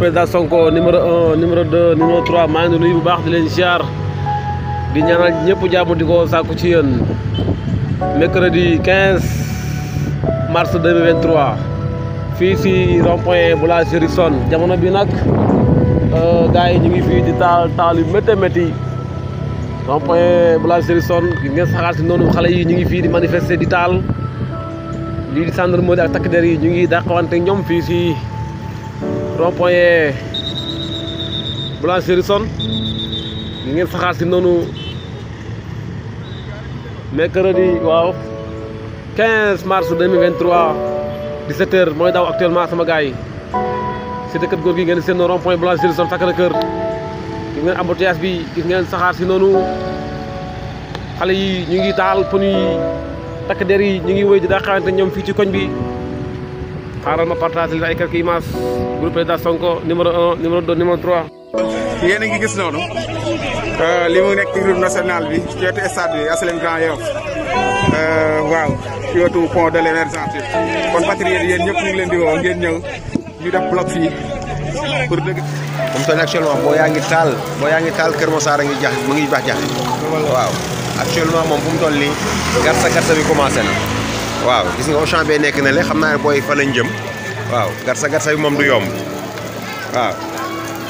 président Sonko numéro 1 numéro 2 numéro 3 maa ngi nuyu bu baax di leen siyaar di ñaanal ñëpp jàmm di ko ci yéen mercredi 15 mars 2023 fii si rond point boulangerie Son jamono bi nag euh, gars yi ñu ngi fii di taal taal yu métti métti rond point boulangerie Son ngeen yi ñu ngi di manifester di taal lii di gendarmerie ak takk yi ñu ngi rond-point Blanche Risson ñu ngeen saxaar si noonu mercredi waaw 15 mars 2023 17h mooy daw actuellement sama gars yi cité kër góor gi ngeen seen rond-point Blanche Risson sacré gis ngeen embouteillage bi gis ngeen saxaar si noonu xale yi ñu ngi taal pneu yi takk der yi ñu ngi wéy di xamante ci koñ bi xaaral ma partage leen ay quelques images groupe président Sonko numéro 1 numéro 2 numéro 3. yéen a ngi gis noonu euh, li mu nekk groupe national bi ci wetu stade bi Asalem Grand Yoff euh, waaw ci pont de l'Émergence kon patriote yéen ñëpp ñu ngi leen di woo ngeen ñëw ñu def bloc fii pour dëgg. comme actuellement boo yaa ngi taal boo yaa ngi taal Kër ngi jax mu ngi baax jax waaw actuellement moom fu mu toll nii garsa garsa bi commencé na. waaw gis nga Auchan bee nekk na le xam naa ne booy fa lañ jëm waaw garsa garsa bi moom du yomb waaw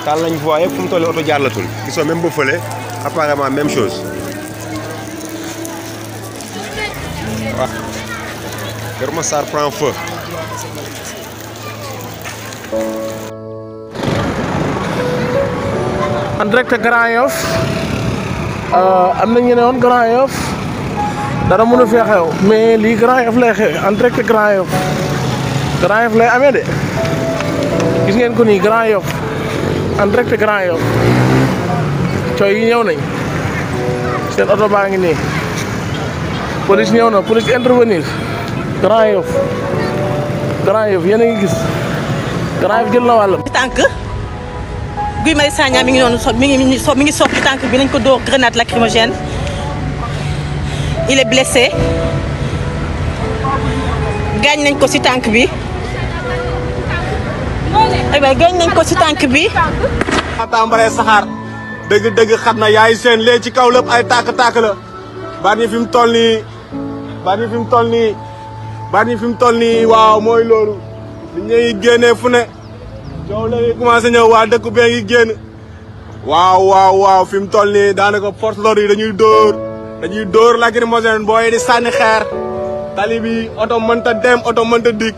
taal nañ voie yëpp fu mu oto jàllatul gisoo même ba fële apparemment chose waaw Kër Massar prend feu en direct dara mënu fee xew mais lii Grand Yoff lay xew en direct Grand Yoff Grand Yoff lay amee de gis ngeen ko nii Grand Yoff en direct Grand Yoff cooy yi ñëw nañ seen oto baa ngi nii police ñëw na police intervenir Grand Yoff Grand Yoff yéen a ngi gis Grand Yoff jël na wàllam tànk Guy Marius Sagna mi ngi noonu so mi ngi mi ngi soog tànk bi nañ ko dóor grenade lacrymogène il est blessé gaañ nañ ko ci tànk bi ay eh waay gaañ nañ ko ci tànk bi tàmbalee saxaar dëgg-dëgg xat na yaay seen lee ci kaw lépp ay tàkk-tàkk la baat ñi fi mu toll nii baat ñi fi mu toll toll nii waaw mooy loolu li ñuy fu ne coow la ngi commencé ñëw waa dëkk bee ngi waaw waaw waaw fi mu toll nii daanaka force d'ordre yi dañuy dóor dañuy dóor lacrymogène booy di sànni xeer tali bi oto mënta dem oto mënta dikk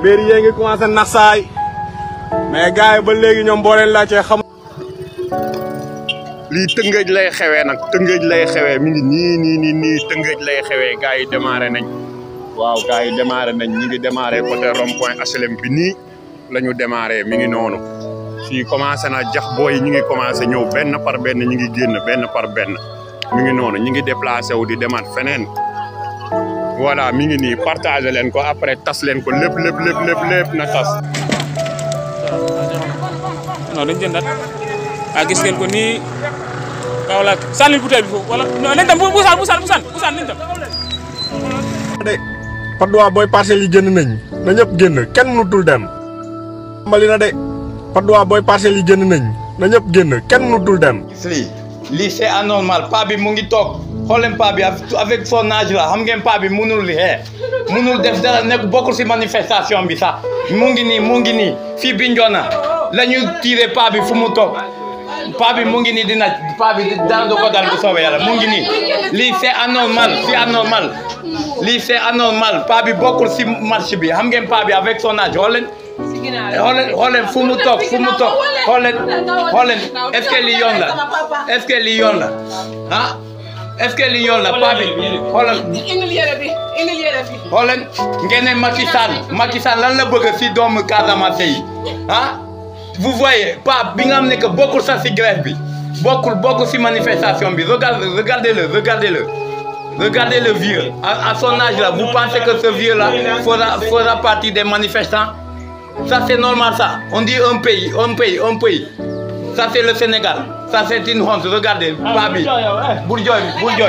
mbir yee ngi commencé naxsaay mais gars yi ba léegi ñoom boo leen laajtee xam. lii tëngëj lay xewee nag tëngëj lay xewee mi ngi nii nii nii nii tëngëj lay xewee gars yi démarré nañ waaw gars yi démarré nañ ñi ngi démarré côté rond point HLM bi nii la ñu mi ngi noonu fii commencé na jax booy ñi ngi commencé ñëw benn par benn ñi ngi génn benn par benn. mi ngi noonu ñi ngi déplacer wu di demaat fenen voilà mi ngi ni partager len ko après tass len ko lepp lepp lepp lepp lepp na tas non dañ jëndat a ah, gis ngeen ko ni kawla ah, sànni bouteille bi fo wala non nañ dem bu sal bu sal nañ dem de padoa boy parcel yi jënd nañ na ñëpp génn kenn dul dem malina de padoa boy parcel yi jënd nañ na ñëpp génn kenn dul dem lii c'est anormal paa bi mu ngi toog xool leen paa avec son âge la xam ngeen mu bi munul mu munul def dara nekk bokkul si manifestation bi sax mu ngi nii mu ngi nii fii Bignona la ñu tiré paa bi fu mu toog paa bi mu ngi nii dina paa bi dara du ko dal bu mu ngi nii lii c'est anormal c'est anormal lii c'est anormal paa bi bokkul si marche bi xam ngeen paa bi avec son âge xool leen xoolal xoolal fu mu toog fu mu toog xoolal est-ce que Lyon là est-ce que Lyon là Hein est-ce que Lyon là? Pas paa bi xoolal. xoolal ngeen ne Macky Sall Macky Sall lan la bëgg si doomu Casamance Hein? vous voyez pas bi nga xam que bokkul ça si grève bi beaucoup bokkul si manifestation bi regardez-le regardez-le. Regardez le vieux. À, à, son âge là, vous pensez que ce vieux là fera, fera partie des manifestants ça c'est normal ça. On dit un pays, un pays, un pays. Ça c'est le Sénégal. Ça c'est une honte. Regardez, ah, Babi. Bourgeois, bourgeois.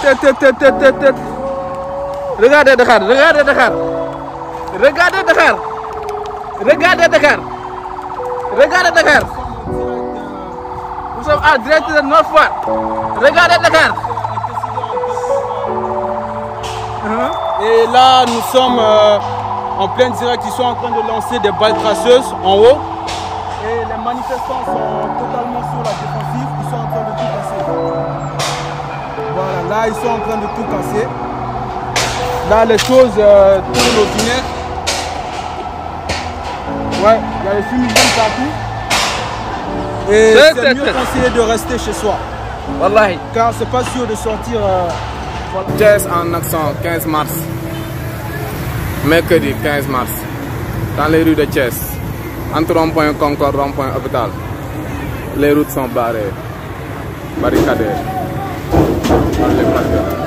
Tête, tête, tête, tête, tête. Regardez Dakar, regardez Dakar. Regardez Dakar. Regardez Dakar. Regardez Dakar. Nous sommes à direct de notre part. Regardez Dakar. Et là, nous sommes euh, en pleine direct. Ils sont en train de lancer des balles traceuses en haut. Et les manifestants sont totalement sur la défensive. Ils sont en train de tout casser. Voilà, là, ils sont en train de tout casser. Là, les choses euh, tournent Ouais, il y a les fumigènes partout. Et c'est mieux conseillé de rester chez soi. Wallahi. Car c'est pas sûr de sortir. Euh, en accent, 15 mars. Mercredi 15 mars. Dans les rues de Thiès. Entre rond-point Concorde, rond-point Hôpital. Les routes sont barrées. Barricadées. dans les